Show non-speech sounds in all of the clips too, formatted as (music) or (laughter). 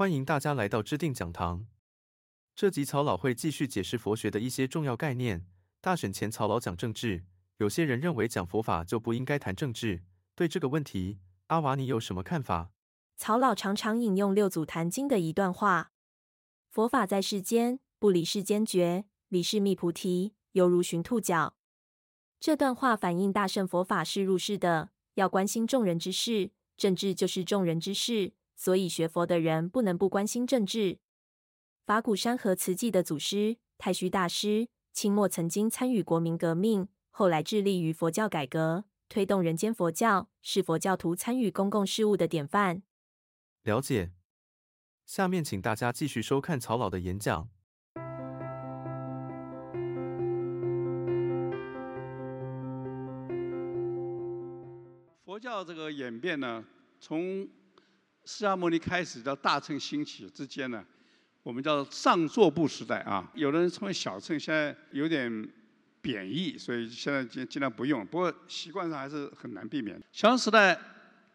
歡迎大家來到知定講堂。這集曹老會繼續解釋佛學的一些重要概念。大選前，曹老講政治，有些人認為講佛法就不應該談政治。對這個問題，阿瓦尼有什麼看法？曹老常常引用《六祖壇經》的一段話：“佛法在世間，不離世間覺；離世覓菩提，猶如尋兔角。”這段話反映大乘佛法是入世的，要關心眾人之事。政治就是眾人之事。所以學佛的人不能不關心政治。法鼓山和慈濟的祖師太虛大師，清末曾經參與國民革命，後來致力於佛教改革，推動人間佛教，是佛教徒參與公共事務的典範。了解。下面請大家繼續收看曹老的演講。佛教這個演變呢，從釋迦牟尼開始到大乘興起之間呢，我們叫上座部時代啊，有的人稱為小乘，現在有點貶義，所以現在儘盡量不用。不過習慣上還是很難避免。小乘時代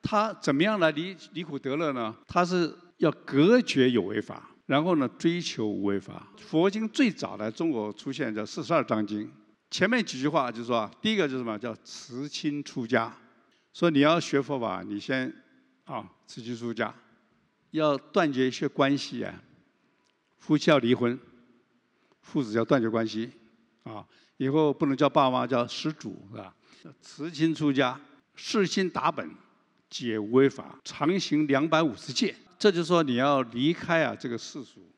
他怎麼樣來離離苦得樂呢？他是要隔絕有為法，然後呢，追求無為法。佛經最早來中國出現叫《四十二章經》，前面幾句話就是說，第一個就是什麼叫辭親出家，說你要學佛法，你先。啊、哦，辭親出家，要斷絕一些關係啊，夫妻要離婚，父子要斷絕關係，啊、哦，以後不能叫爸媽，叫施主是吧？辭親出家，識心達本，解無為法，常行兩百五十戒。這就是說你要離開啊這個世俗，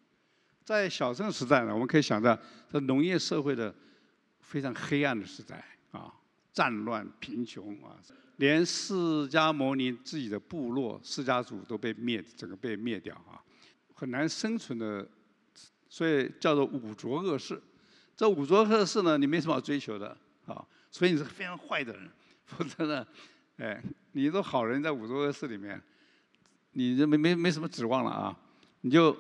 在小乘時代呢，我們可以想到這農業社會的非常黑暗的時代啊、哦，戰亂、貧窮啊。連釋迦牟尼自己的部落釋迦族都被滅，整個被滅掉啊，很難生存的，所以叫做五濁惡世。這五濁惡世呢，你沒什麼好追求的啊，所以你是非常壞的人。否則呢，哎，你做好人在五濁惡世裡面，你這沒沒沒什麼指望了啊。你就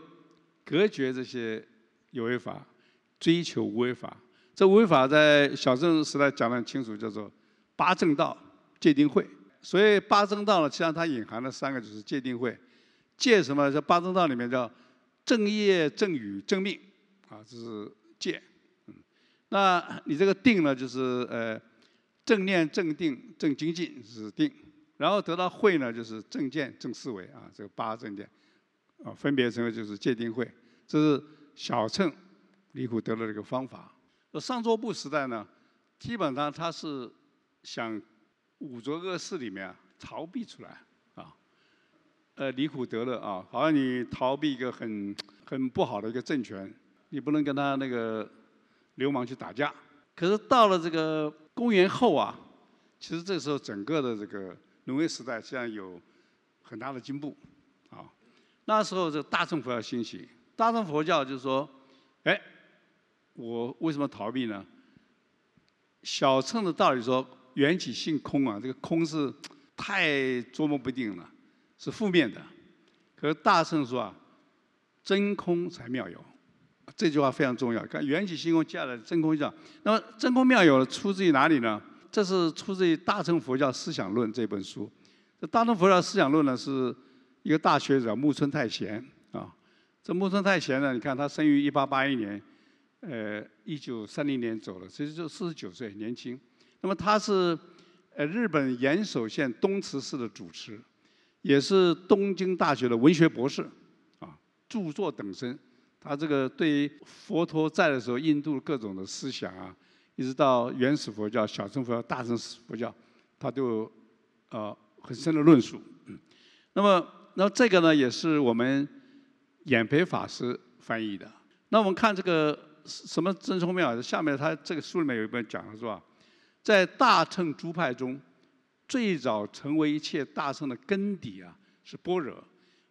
隔絕這些有為法，追求無為法。這無為法在小乘時代講得很清楚，叫做八正道。戒定慧，所以八正道呢，實際上它隱含了三個，就是戒定慧，戒什麼？這八正道裡面叫正業、正語、正命，啊，這是戒。嗯，那你這個定呢，就是呃正念、正定、正精進，是定。然後得到慧呢，就是正見、正思維，啊，這個八正見，啊，分別稱為就是戒定慧。這是小乘離苦得樂的一個方法。上座部時代呢，基本上他是想。五濁惡世裡面啊，逃避出來啊，呃，離苦得樂啊，好像你逃避一個很很不好的一個政權，你不能跟他那個流氓去打架。可是到了這個公元後啊，其實這個時候整個的這個農業時代實際上有很大的進步啊。那時候這個大乘佛教興起，大乘佛教就是說，哎，我為什麼逃避呢？小乘的道理說。緣起性空啊，這個空是太捉摸不定了，是負面的。可是大乘說啊，真空才妙有，這句話非常重要。看緣起性空，接下來真空一下。那麼真空妙有出自於哪裡呢？這是出自於大乘佛教思想論這本書。這大乘佛教思想論呢，是一個大學者木村泰賢啊。這木村泰賢呢，你看他生於一八八一年，呃，一九三零年走了，其實就四十九歲，年輕。那麼他是呃日本岩手縣東慈寺的主持，也是東京大學的文學博士，啊著作等身。他這個對佛陀在的時候印度各種的思想啊，一直到原始佛教、小乘佛教、大乘佛教，他都有呃很深的論述、嗯。那麼，那這個呢，也是我們演培法師翻譯的。那我們看這個什麼真空妙有、啊，下面他這個書裡面有一本講的是吧？在大乘諸派中，最早成為一切大乘的根底啊，是般若。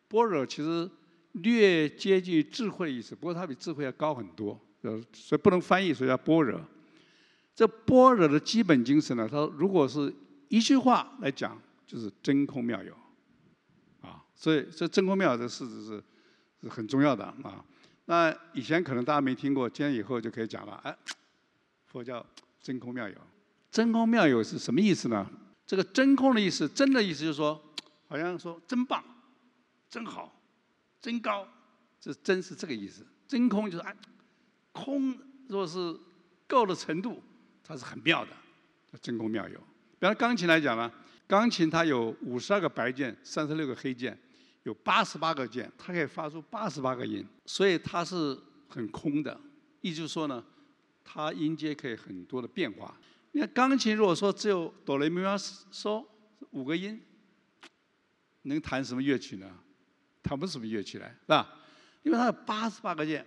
般若其實略接近智慧意思，不過它比智慧要高很多，呃，所以不能翻譯，所以叫般若。這般若的基本精神呢，它如果是一句話來講，就是真空妙有，啊，所以這真空妙有的事實是是很重要的啊。那以前可能大家沒聽過，今天以後就可以講了，哎，佛教真空妙有。.真空妙有是什麼意思呢？這個“真空”的意思，“真”的意思就是說，好像說真棒、真好、真高，這“真”是這個意思。真空就是啊，空如果是夠的程度，它是很妙的。真空妙有，比方鋼琴來講呢，鋼琴它有五十二個白鍵，三十六個黑鍵，有八十八個鍵，它可以發出八十八個音，所以它是很空的。意思就是說呢，它音階可以很多的變化。那鋼琴，如果說只有哆來咪發唆，五個音，能彈什麼樂曲呢？彈不出什麼樂曲來，是吧？因為它有八十八個鍵。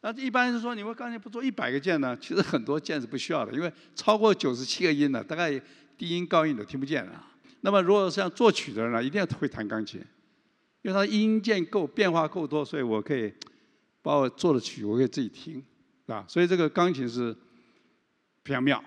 那一般是說，你為鋼琴不做一百個鍵呢？其實很多鍵是不需要的，因為超過九十七個音呢、啊，大概低音高音都聽不見了。那麼如果像作曲的人呢、啊，一定要會彈鋼琴，因為它音鍵夠，變化夠多，所以我可以把我做的曲，我可以自己聽，啊，所以這個鋼琴是非常妙。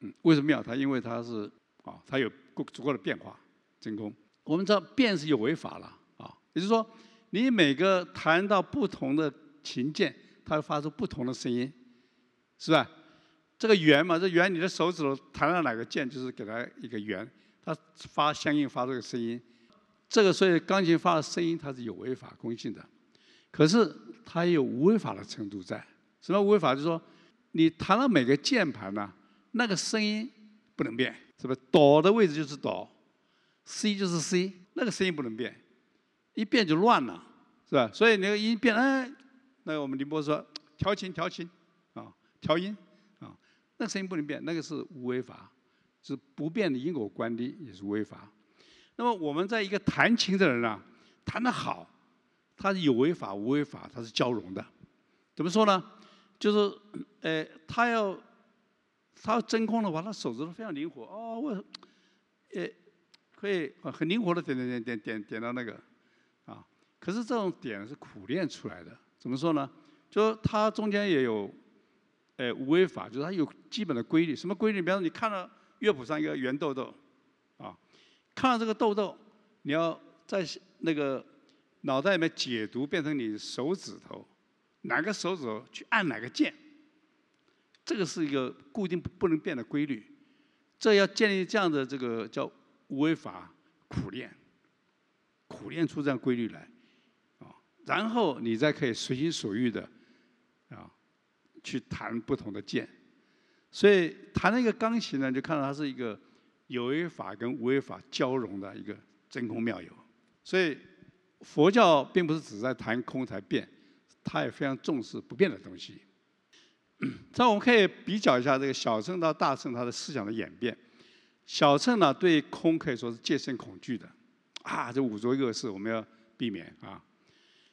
嗯，為什麼要它？因為它是啊、哦，它有夠足夠的變化。真空，我們知道變是有為法了啊、哦，也就是說，你每個彈到不同的琴鍵，它會發出不同的聲音，是吧？這個圓嘛，這圓你的手指頭彈到哪個鍵，就是給它一個圓，它發相應發出個聲音。這個所以鋼琴發的聲音它是有為法公性的，可是它也有無為法的程度在。什麼無為法？就是說，你彈到每個鍵盤呢？那個聲音不能變，是吧？哆的位置就是哆，C 就是 C，那個聲音不能變，一變就亂了，是吧？所以那個音變，哎，那個、我們寧波說調琴調琴啊、哦，調音啊、哦，那個聲音不能變，那個是無為法，就是不變的因果關係，也是無為法。那麼我們在一個彈琴的人啊，彈得好，他是有為法無為法，他是交融的。怎麼說呢？就是，呃，他要。他真空的話，他手指頭非常靈活哦，我，誒、欸，可以很靈活的點點點點點點到那個，啊，可是這種點是苦練出來的，怎麼說呢？就說它中間也有，誒、欸，五位法，就是它有基本的規律，什麼規律？比方說你看到樂譜上一個圓豆豆，啊，看到這個豆豆，你要在那個腦袋裡面解讀，變成你手指頭，哪個手指頭去按哪個鍵。這個是一個固定不能變的規律，這要建立這樣的這個叫無為法苦練，苦練出這樣規律來，啊，然後你再可以隨心所欲的啊，去彈不同的鍵，所以彈那一個鋼琴呢，就看到它是一個有為法跟無為法交融的一個真空妙有，所以佛教並不是只在談空才變，它也非常重視不變的東西。 (coughs) 這我們可以比較一下這個小乘到大乘他的思想的演變。小乘呢、啊、對空可以說是戒慎恐懼的，啊，這五濁惡世我們要避免啊。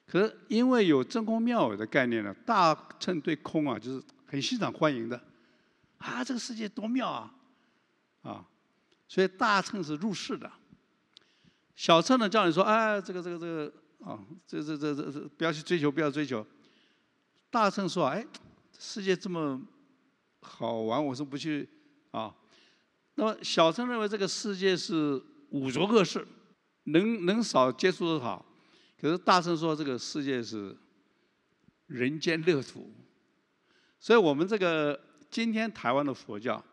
可是因為有真空妙有的概念呢，大乘對空啊就是很欣賞歡迎的，啊，這個世界多妙啊，啊，所以大乘是入世的。小乘呢叫你說啊、哎，這個這個這個啊、哦、這這這這不要去追求，不要追求，大乘說、啊、哎。世界這麼好玩，我是不去啊。那麼小乘認為這個世界是五濁惡世，能能少接觸的好。可是大乘說，這個世界是人間樂土，所以我們這個今天台灣的佛教，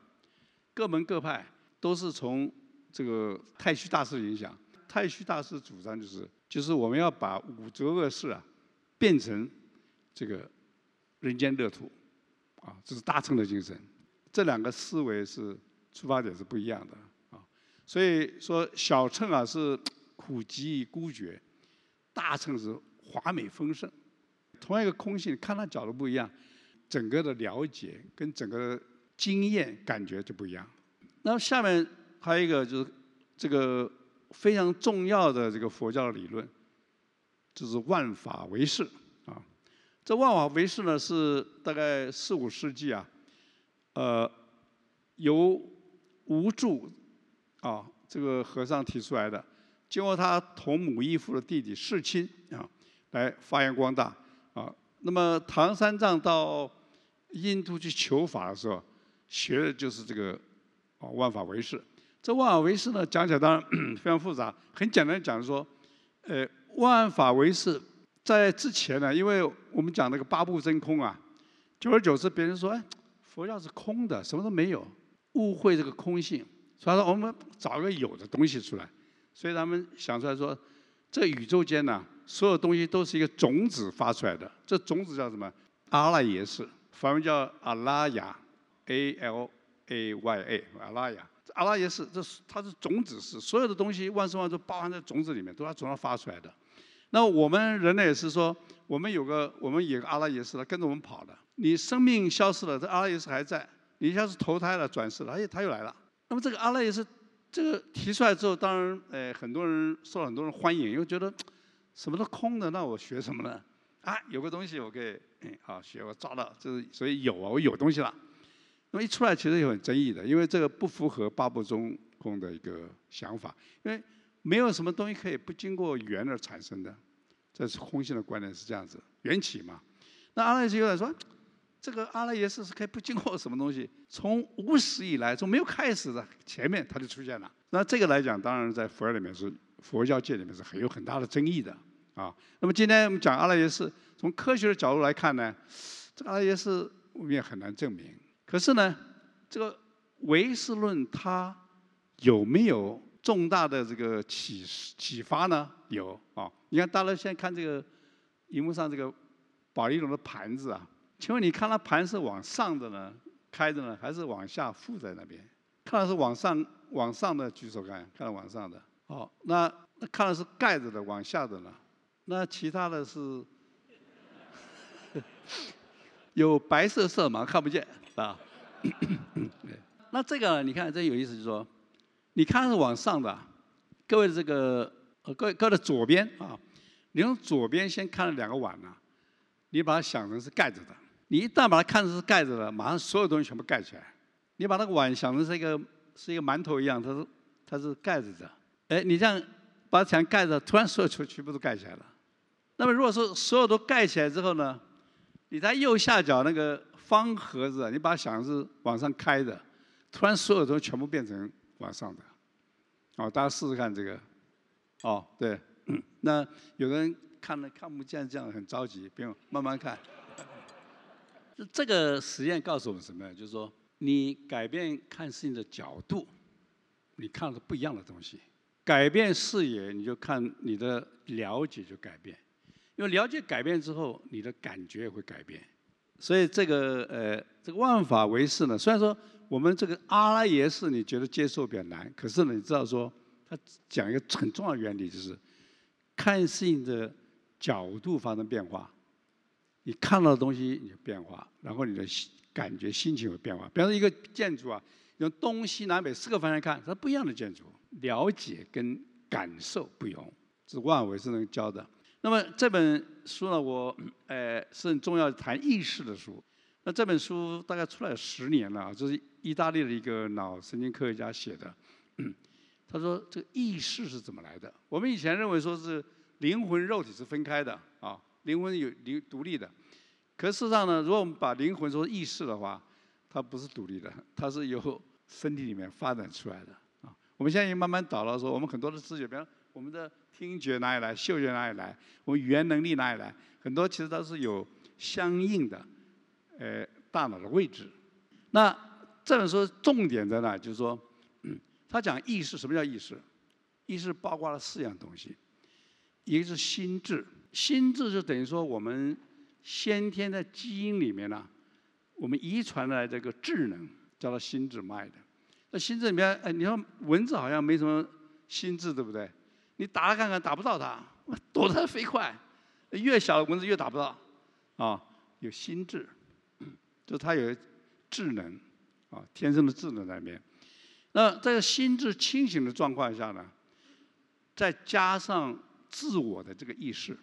各門各派都是從這個太虛大師的影響。太虛大師主張就是，就是我們要把五濁惡世啊變成這個。人間樂土，啊，這是大乘的精神。這兩個思維是出發點是不一樣的啊。所以說小乘啊是枯寂孤絕，大乘是華美豐盛。同樣一個空性，看他角度不一樣，整個的了解跟整個的經驗感覺就不一樣。那下面還有一個就是這個非常重要的這個佛教理論，就是萬法唯識啊。這萬法唯識呢，是大概四五世紀啊，呃，由無著啊這個和尚提出來的，經過他同母異父的弟弟世親啊來發揚光大啊。那麼唐三藏到印度去求法的時候，學的就是這個啊萬法唯識。這萬法唯識呢，講起來當然非常複雜，很簡單講說，呃，萬法唯識。在之前呢，因為我們講那個八部真空啊，久而久之，別人說，哎，佛教是空的，什麼都沒有，誤會這個空性。所以說，我們找一個有的東西出來，所以他們想出來說，這宇宙間呢，所有東西都是一個種子發出來的。這種子叫什麼？阿賴耶識，梵文叫阿拉雅，A L A Y A，, A, -A, -Y -A 阿拉雅。阿賴耶識，這它是種子識，所有的東西，萬事萬物都包含在種子裡面，都從它總發出來的。那我們人類也是說，我們有個，我們有個阿賴耶識，他跟着我們跑的。你生命消失了，這阿賴耶識還在。你像是投胎了、轉世了，哎，他又來了。那麼這個阿賴耶識，這個提出來之後，當然，哎，很多人受了很多人歡迎，又覺得什麼都空的，那我學什麼呢？啊，有個東西我給，嗯，好學，我抓到，就是所以有啊，我有東西了。那麼一出來其實也很爭議的，因為這個不符合巴布中空的一個想法，因為。沒有什麼東西可以不經過緣而產生的，這是空性的觀念是這樣子，緣起嘛。那阿賴耶識來說，這個阿賴耶識是可以不經過什麼東西，從無始以來，從沒有開始的前面，它就出現了。那這個來講，當然在佛裡面是佛教界裡面是很有很大的爭議的啊。那麼今天我們講阿賴耶識，從科學的角度來看呢，這個阿賴耶識我們也很難證明。可是呢，這個唯識論它有沒有？重大的這個啟啟發呢，有啊、哦，你看大家先看這個，熒幕上這個保利龍的盤子啊，請問你看它盤是往上的呢，開着呢，還是往下覆在那邊？看到是往上往上的，舉手看，看到往上的。好，那那看到是蓋着的，往下的呢？那其他的是， (laughs) 有白色色盲看不見啊。 (coughs) (coughs) 那這個你看這有意思，就是說。你看是往上的，各位這個，各位擱在左邊啊，你用左邊先看了兩個碗吶、啊，你把它想成是蓋着的。你一旦把它看成是蓋着的，馬上所有東西全部蓋起來。你把那個碗想成是一個是一個饅頭一樣，它是它是蓋着的。哎，你這樣把它想蓋着，突然所有全全部都蓋起來了。那麼，如果說所有都蓋起來之後呢，你在右下角那個方盒子，你把它想成是往上開的，突然所有東西全部變成。馬上的，哦，大家試試看這個，哦，對，嗯、那有的人看了看不見，這樣很着急，不用慢慢看。 (laughs) 這個實驗告訴我們什麼就是說，你改變看事情的角度，你看了不一樣的東西；改變視野，你就看你的了解就改變，因為了解改變之後，你的感覺也會改變。所以這個呃，這個萬法唯識呢，雖然說我們這個阿賴耶識你覺得接受比較難，可是呢，你知道說，他講一個很重要的原理就是，看事情的角度發生變化，你看到的東西有變化，然後你的感覺心情有變化。比如說一個建築啊，用東西南北四個方向看，它不一樣的建築，了解跟感受不一樣，這萬法唯識能教的。那麼這本書呢，我呃是很重要談意識的書。那這本書大概出來十年了，這、啊就是意大利的一個腦神經科學家寫的。嗯，他說這個意識是怎麼來的？我們以前認為說是靈魂肉體是分開的啊，靈魂有靈獨立的。可是事實上呢，如果我們把靈魂說意識的話，它不是獨立的，它是由身體裡面發展出來的啊。我們現在也慢慢倒了說，我們很多的字眼，比如。我們的聽覺哪裡來，嗅覺哪裡來，我們語言能力哪裡來，很多其實都是有相應的，呃，大腦的位置。那這本書重點在哪？就是說、嗯，他講意識，什麼叫意識？意識包括了四樣東西，一個是心智，心智就等於說我們先天的基因裡面呢、啊，我們遺傳的這個智能，叫做心智脈的。那心智裡面，哎，你看蚊子好像沒什麼心智，對不對？你打他看看，打不到他，躲得飛快。越小的蚊子越打不到，啊，有心智，就它有智能，啊，天生的智能在裡面。那在心智清醒的狀況下呢，再加上自我的這個意識，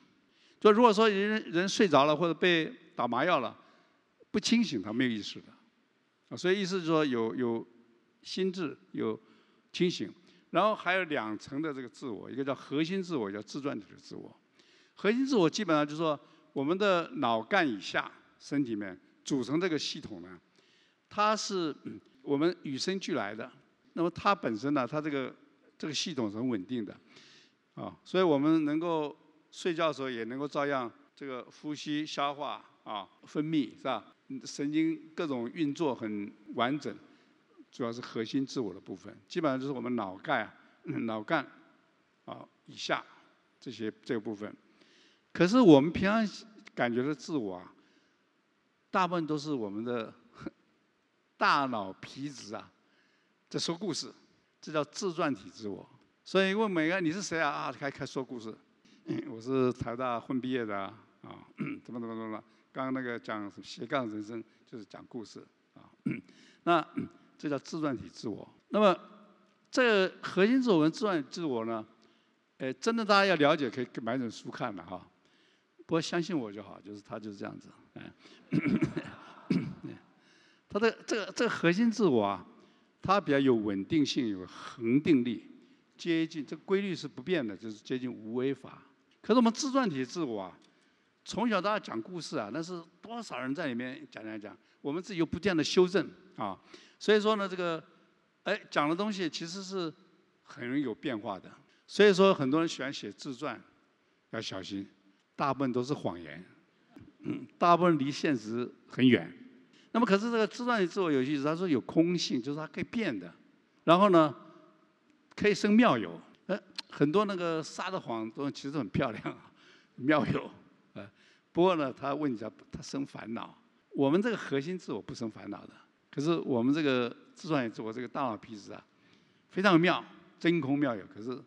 就如果說人人睡着了或者被打麻藥了，不清醒，它沒有意識的。所以意思就是說有有心智，有清醒。然後還有兩層的這個自我，一個叫核心自我，叫自傳體的自我。核心自我基本上就是說，我們的腦幹以下身體裡面組成這個系統呢，它是、嗯、我們與生俱來的。那麼它本身呢，它這個這個系統是很穩定的，啊、哦，所以我們能夠睡覺的時候也能夠照樣這個呼吸、消化、啊、哦、分泌是吧？神經各種運作很完整。主要是核心自我的部分，基本上就是我們腦幹、啊、嗯、腦幹啊以下這些這個部分。可是我們平常感覺的自我啊，大部分都是我們的大腦皮質啊在說故事，這叫自傳體自我。所以問每個人你是誰啊啊，開開說故事、嗯，我是台大混畢業的啊，怎麼怎麼怎麼，剛剛那個講什麼斜槓人生就是講故事啊，那。這叫自傳體自我。那麼，這個核心自我跟自傳體自我呢，哎，真的大家要了解，可以買本書看嘛。哈。不過相信我就好，就是他就是這樣子。嗯，他的這，這個這個核心自我啊，它比較有穩定性、有恆定力，接近這個規律是不變的，就是接近無為法。可是我們自傳體自我啊。從小到大講故事啊，那是多少人在裡面講講講，我們自己又不斷的修正啊，所以說呢，這個，哎，講的東西其實是很容易有變化的。所以說很多人喜歡寫自傳，要小心，大部分都是謊言，嗯、大部分離現實很遠。那麼可是這個自傳的自我有意思，他說有空性，就是它可以變的，然後呢，可以生妙有。呃，很多那個撒的謊都其實很漂亮啊，妙有。不過呢，他問一下，他生煩惱。我們這個核心自我不生煩惱的，可是我們這個自傳自我這個大腦皮質啊，非常妙，真空妙有，可是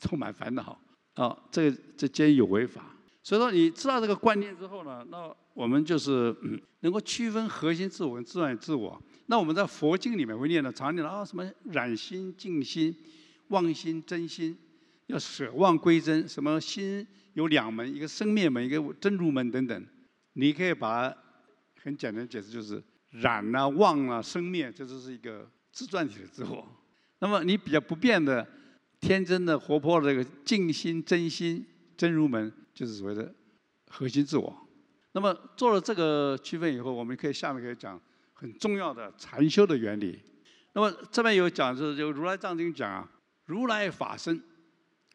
充滿煩惱啊。這這皆有為法。所以說，你知道這個觀念之後呢，那我們就是、嗯、能夠區分核心自我跟自傳自我。那我們在佛經裡面會念的，常念的啊，什麼染心、淨心、妄心、真心。要捨妄歸真，什麼心有兩門，一個生滅門，一個真如門等等。你可以把很簡單解釋，就是染啊、妄啊、生滅，這就是一個自傳體的自我。那麼你比較不變的、天真的、活潑的這個靜心、真心、真如門，就是所謂的核心自我。那麼做了這個區分以後，我們可以下面可以講很重要的禪修的原理。那麼這邊有講，就是《如來藏經》講啊，如來法身。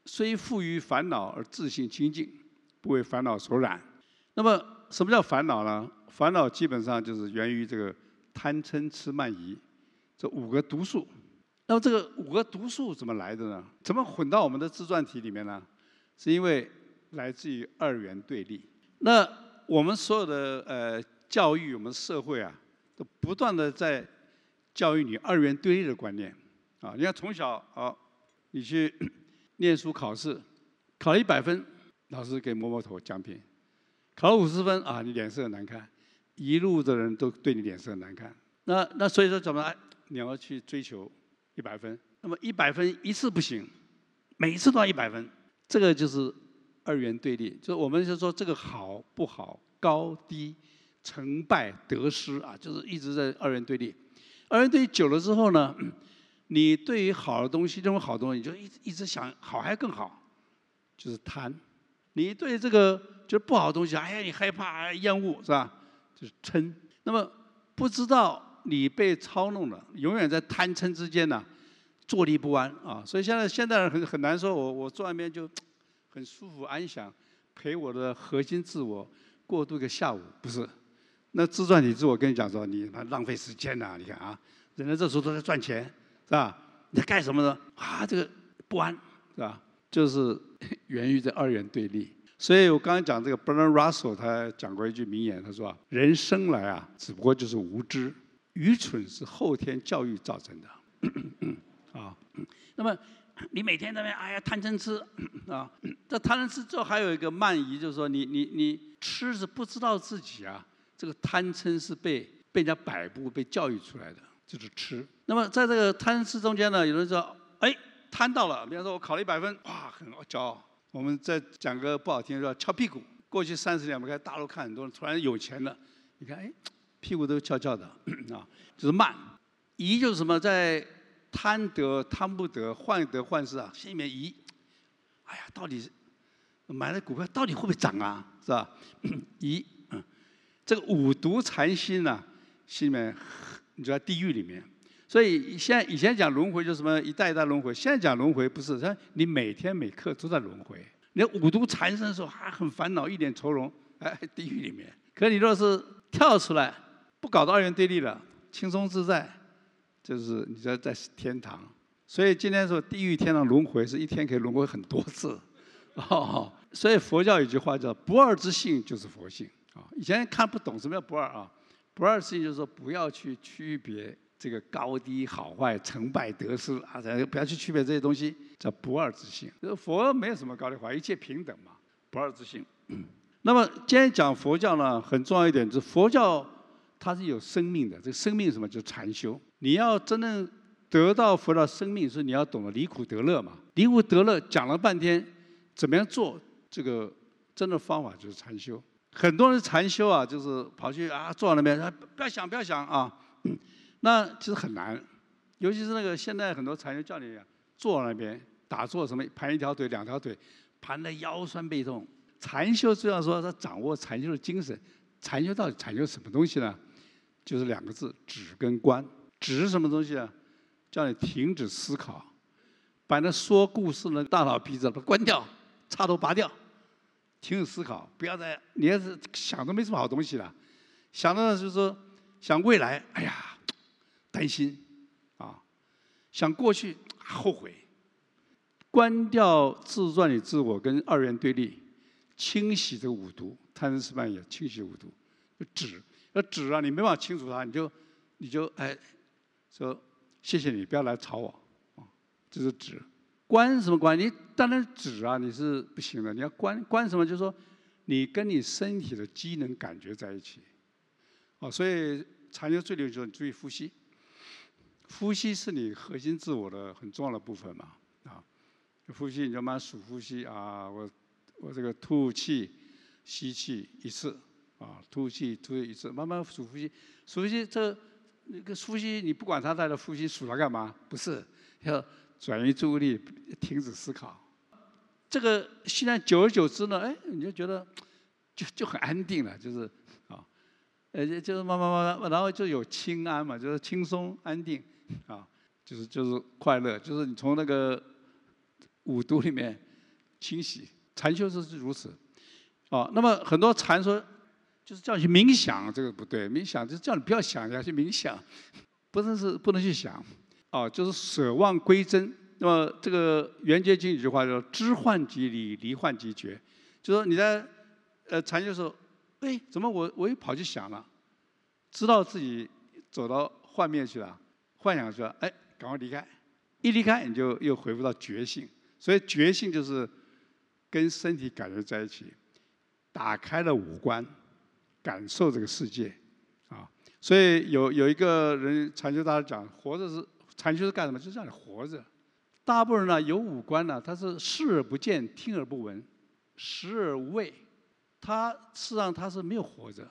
雖富於煩惱而自性清淨，不為煩惱所染。那麼，什麼叫煩惱呢？煩惱基本上就是源於這個貪嗔癡慢疑這五個毒素。那麼，這個五個毒素怎麼來的呢？怎麼混到我們的自傳體裡面呢？是因為來自於二元對立。那我們所有的呃教育，我們社會啊，都不斷的在教育你二元對立的觀念啊。你看從小啊，你去。念書考試，考一百分，老師給摸摸頭獎品；考五十分啊，你臉色難看，一路的人都對你臉色難看。那那所以說怎麼、啊？你要去追求一百分？那麼一百分一次不行，每一次都要一百分。這個就是二元對立，就是我們就說這個好不好、高低、成敗、得失啊，就是一直在二元對立。二元對立久了之後呢？嗯你對於好的東西，認為好東西你就一一直想好還更好，就是貪；你對這個就是不好的東西，哎呀你害怕、啊、厭惡是吧？就是嗔。那麼不知道你被操弄了，永遠在貪嗔之間呢、啊，坐立不安啊。所以現在現在人很很難說，我我坐那邊就很舒服安詳，陪我的核心自我過渡一個下午。不是，那自傳體自我跟你講說，你浪費時間吶、啊！你看啊，人家這時候都在賺錢。啊，你在幹什麼呢？啊，這個不安，是吧？就是源於這二元對立。所以我剛剛講這個 Bertrand Russell，他講過一句名言，他說：“人生來啊，只不過就是無知，愚蠢是後天教育造成的。” (coughs) 啊，那麼你每天在那邊哎呀貪嗔癡啊，這貪嗔癡之後還有一個慢疑，就是說你你你癡是不知道自己啊，這個貪嗔是被被人家擺佈、被教育出來的。就是吃。那麼在這個貪吃中間呢，有人說：“哎，貪到了。”比方說我考了一百分，哇，很驕傲。我們再講個不好聽，說翹屁股。過去三十年，我們看大陸，看很多人突然有錢了，你看哎，屁股都翹翹的啊，就是慢。疑就是什麼，在貪得貪不得、患得患失啊，心裡面疑。哎呀，到底買了股票到底會不會漲啊？是吧？疑。嗯，這個五毒纏心呢、啊，心裡面。你就在地獄裡面，所以現以前講輪迴就是什麼一代一代輪迴，現在講輪迴不是，你每天每刻都在輪迴。你五毒纏身的時候還很煩惱，一臉愁容，哎，地獄裡面。可你若是跳出來，不搞到二元對立了，輕鬆自在，就是你就在天堂。所以今天說地獄、天堂輪迴，是一天可以輪迴很多次，哦。所以佛教有句話叫不二之性就是佛性啊。以前看不懂什麼叫不二啊。不二之心就是說，不要去區別這個高低好壞、成敗得失啊！不要去區別這些東西，叫不二之心。佛沒有什麼高低好壞，一切平等嘛。不二之心。 (coughs) 那麼，今天講佛教呢，很重要一點就是佛教它是有生命的。這個生命什麼？就是禪修。你要真正得到佛教的生命，是你要懂得離苦得樂嘛。離苦得樂講了半天，怎麼樣做？這個真的方法就是禪修。很多人禪修啊，就是跑去啊，坐那邊，不要想，不要想啊、嗯。那其實很難，尤其是那個現在很多禪修教你、啊、坐那邊打坐，什麼盤一條腿、兩條腿，盤的腰酸背痛。禪修就要說他掌握禪修的精神。禪修到底禪修什麼東西呢？就是兩個字：止跟觀。止是什麼東西啊？叫你停止思考，把那說故事的大腦皮質都關掉，插頭拔掉。停止思考，不要再你要是想都沒什麼好東西了，想到就是說想未來，哎呀，擔心啊；想過去、啊、後悔。關掉自傳體自我跟二元對立，清洗這個五毒，貪嗔痴慢疑，清洗五毒。紙，要紙啊，你沒辦法清除它，你就你就哎，說謝謝你，不要來吵我，啊，這是紙。觀什麼觀？你單單止啊，你是不行的。你要觀，觀什麼？就是說，你跟你身體的機能感覺在一起。哦，所以禪修最講究，你注意呼吸。呼吸是你核心自我的很重要的部分嘛，啊？呼吸，你就慢慢數呼吸啊。我我這個吐氣、吸氣一次啊，吐氣吐一次，慢慢數呼吸。數呼吸這那個呼吸，你不管它在那呼吸，數它幹嘛？不是要。轉移注意力，停止思考，這個現在久而久之呢，哎，你就覺得就就很安定了，就是啊，呃、哦哎，就是慢慢慢慢，然後就有輕安嘛，就是輕鬆安定，啊、哦，就是就是快樂，就是你從那個五毒裡面清洗，禪修是是如此，啊、哦，那麼很多禪說就是叫你去冥想，這個不對，冥想就是、叫你不要想，要去冥想，不能是不能去想。啊、哦，就是捨妄歸真。那麼這個《圓覺經》有句話叫“知幻即離，離幻即覺”，就說你在呃禪修時候，哎，怎麼我我又跑去想了，知道自己走到幻滅去了，幻想去了，哎，趕快離開，一離開你就又恢復到覺性。所以覺性就是跟身體感覺在一起，打開了五官，感受這個世界啊。所以有有一個人禪修大師講，活着是。禪修是幹什麼？就讓你活着。大部分人呢，有五官呢、啊，他是視而不見，聽而不聞，食而無味，他事實上他是沒有活着，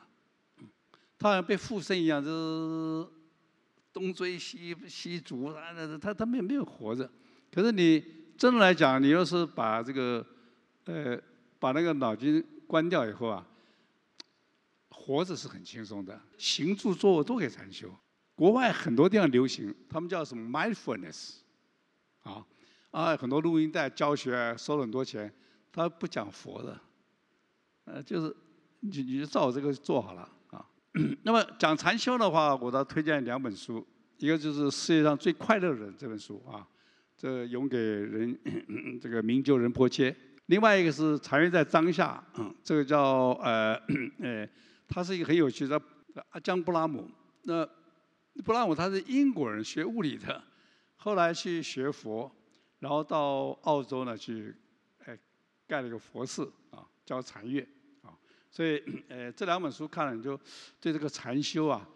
他好像被附身一樣，就是東追西西逐，他他他沒有沒有活着。可是你真的來講，你要是把這個呃把那個腦筋關掉以後啊，活着是很輕鬆的，行住坐臥都可以禪修。國外很多地方流行，他們叫什麼 mindfulness，啊啊，很多錄音帶教學，收了很多錢。他不講佛的，呃，就是你你就照我這個做好了啊。 (coughs) 那麼講禪修的話，我倒推薦兩本書，一個就是《世界上最快樂的人》這本書啊，這詠給咳咳這個明就仁波切。另外一個是《禪悅在當下》嗯，這個叫呃呃，他、呃、是一個很有趣的阿姜布拉姆那。呃布拉姆他是英國人，學物理的，後來去學佛，然後到澳洲呢去，哎，蓋了一個佛寺啊，叫禪悅啊，所以、哎、這兩本書看了你就對這個禪修啊，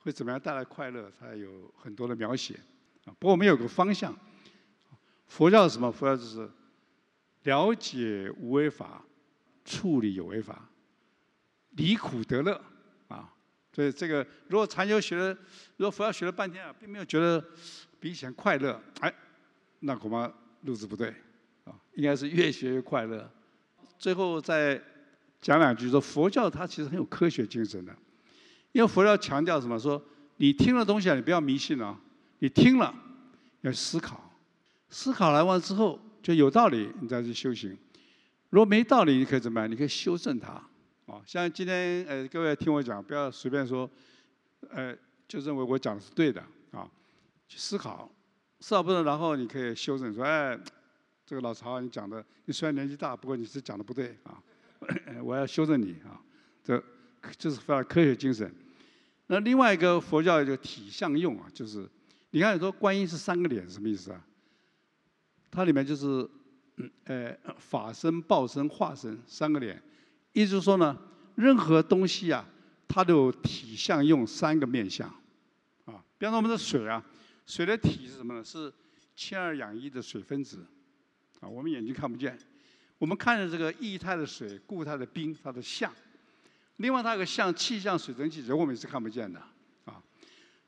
會怎麼樣帶來快樂，他有很多的描寫啊。不過我們有個方向，佛教是什麼？佛教就是了解無為法，處理有為法，離苦得樂啊。對，這個如果禪修學了，如果佛教學了半天啊，並沒有覺得比以前快樂，哎，那恐怕路子不對啊，應該是越學越快樂。最後再講兩句說，說佛教它其實很有科學精神的，因為佛教強調什麼？說你聽了東西啊，你不要迷信啊、哦，你聽了要思考，思考完之後就有道理，你再去修行；如果沒道理，你可以怎麼樣？你可以修正它。像今天呃，各位聽我講，不要隨便說，呃，就認為我講的是對的啊。去思考，思考不能，然後你可以修正說，哎，這個老曹你講的，你雖然年紀大，不過你是講的不對啊。我要修正你啊，這就是非常科學精神。那另外一個佛教就體相用啊，就是你看你說觀音是三個臉，什麼意思啊？它裡面就是，呃，法身、報身、化身三個臉。意思是說呢，任何東西啊，它都有體、相、用三個面相，啊，比方說我們的水啊，水的體是什麼呢？是氫二氧一的水分子，啊，我們眼睛看不見。我們看着這個液態的水、固態的冰，它的相，另外它有個相氣相、水蒸氣，人我們是看不見的，啊，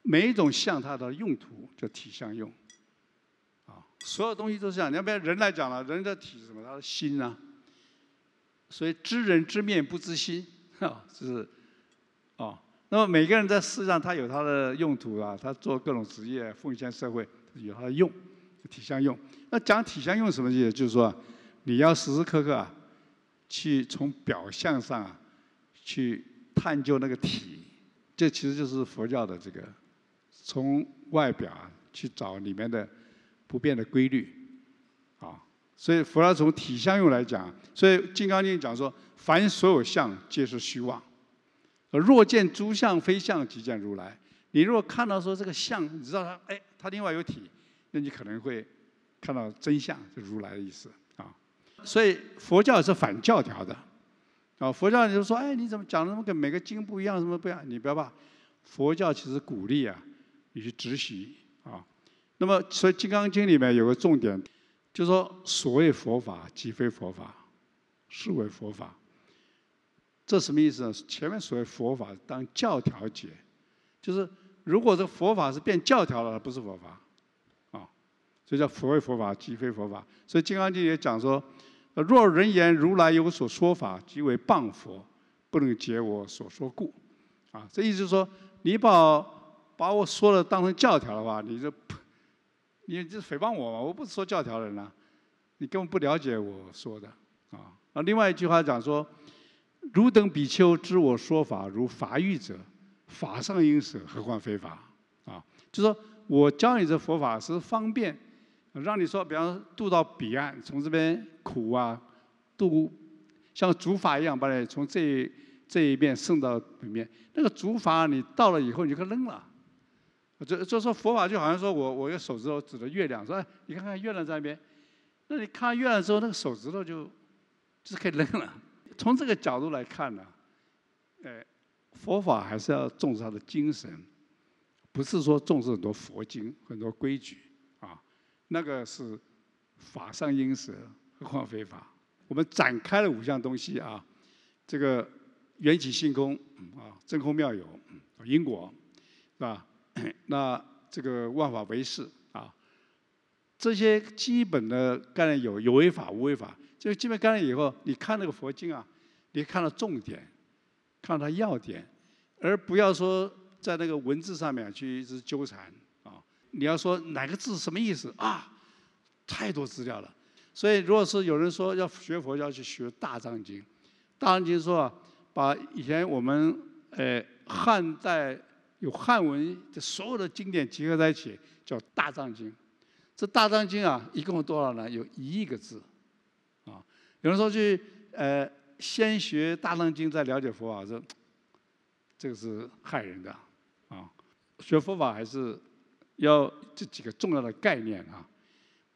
每一種相它的用途叫體相用，啊，所有東西都是這樣。你要不要人來講了、啊，人的體是什麼？他的心啊。所以知人知面不知心，哦、是，啊、哦。那麼每個人在世上他有他的用途啊，他做各種職業奉獻社會，他有他的用，體相用。那講體相用什麼意思？就是說你要時時刻刻、啊、去從表象上啊，去探究那個體，這其實就是佛教的這個，從外表啊去找裡面的不變的規律。所以，佛要從體相用來講。所以，《金剛經》講說，凡所有相，皆是虛妄。若見諸相非相，即見如來。你如果看到說這個相，你知道它，哎，它另外有體，那你可能會看到真相，就如來的意思啊。所以，佛教是反教條的啊。佛教你就說，哎，你怎麼講的那麼跟每個經不一樣？什麼不一樣？你不要怕。佛教其實鼓勵啊，你去執行啊。那麼，所以《金剛經》裡面有個重點。就說所謂佛法即非佛法，是為佛法，這什麼意思呢？前面所謂佛法當教條解，就是如果這佛法是變教條了，不是佛法，啊，所以叫所謂佛法即非佛法。所以《金剛經》也講說：若人言如來有所說法，即為謗佛，不能解我所說故。啊，這意思是說，你把我把我說的當成教條的話，你就。你這是誹謗我，我不是說教條人吶、啊，你根本不了解我說的啊。另外一句話講說：汝等比丘知我說法如筏喻者，法尚應捨，何況非法啊？就說我教你這佛法是方便，讓你說，比方渡到彼岸，從這邊苦啊渡，像竹筏一樣把你從這這一邊送到裡面。那個竹筏你到了以後你就可扔了。就就說佛法就好像說我我用手指頭指着月亮說、哎、你看看月亮在那邊，那你看月亮之後那個手指頭就，就是、可以扔了。從這個角度來看呢、啊，哎，佛法還是要重視它的精神，不是說重視很多佛經很多規矩啊，那個是法尚應捨，何況非法。我們展開了五項東西啊，這個緣起性空啊、真空妙有、因果，是吧？ (coughs) 那這個萬法唯識啊，這些基本的概念有有為法、無為法。這個基本概念以後，你看那個佛經啊，你看到重點，看到要點，而不要說在那個文字上面去一直糾纏啊。你要說哪個字什麼意思啊？太多資料了。所以，如果是有人說要學佛，要去學大藏經，大藏經說啊，把以前我們呃漢代。有漢文的所有的經典集合在一起叫大藏經。這大藏經啊，一共有多少呢？有一億個字，啊，有人說去呃先學大藏經再了解佛法，這這個是害人的，啊，學佛法還是要這幾個重要的概念啊，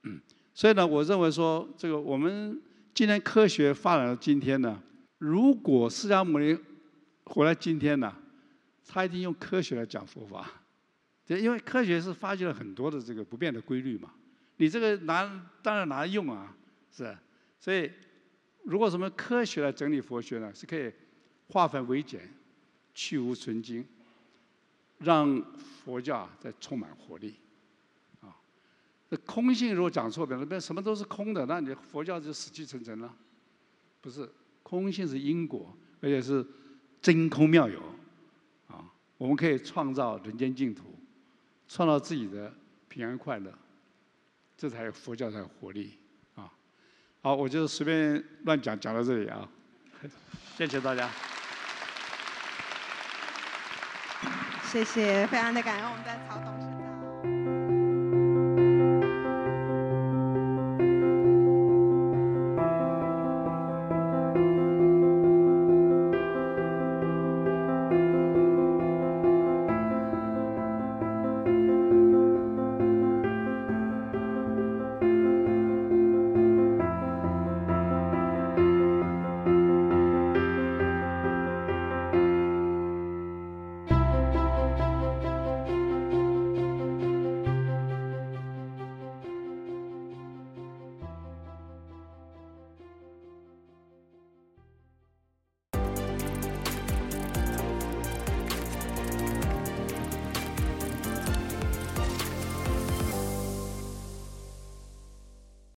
嗯，所以呢，我認為說，這個我們今天科學發展到今天呢，如果釋迦牟尼活在今天呢？他一定用科學來講佛法，對，因為科學是發掘了很多的這個不變的規律嘛。你這個拿當然拿來用啊，是。所以，如果什麼科學來整理佛學呢，是可以化繁為簡，去蕪存菁，讓佛教再充滿活力。啊，那空性如果講錯，別別什麼都是空的，那你佛教就死氣沉沉了。不是，空性是因果，而且是真空妙有。我們可以創造人間淨土，創造自己的平安快樂，這才有佛教才有活力啊！好，我就隨便亂講，講到這裡啊，謝謝大家。謝謝，非常的感恩我們在曹董。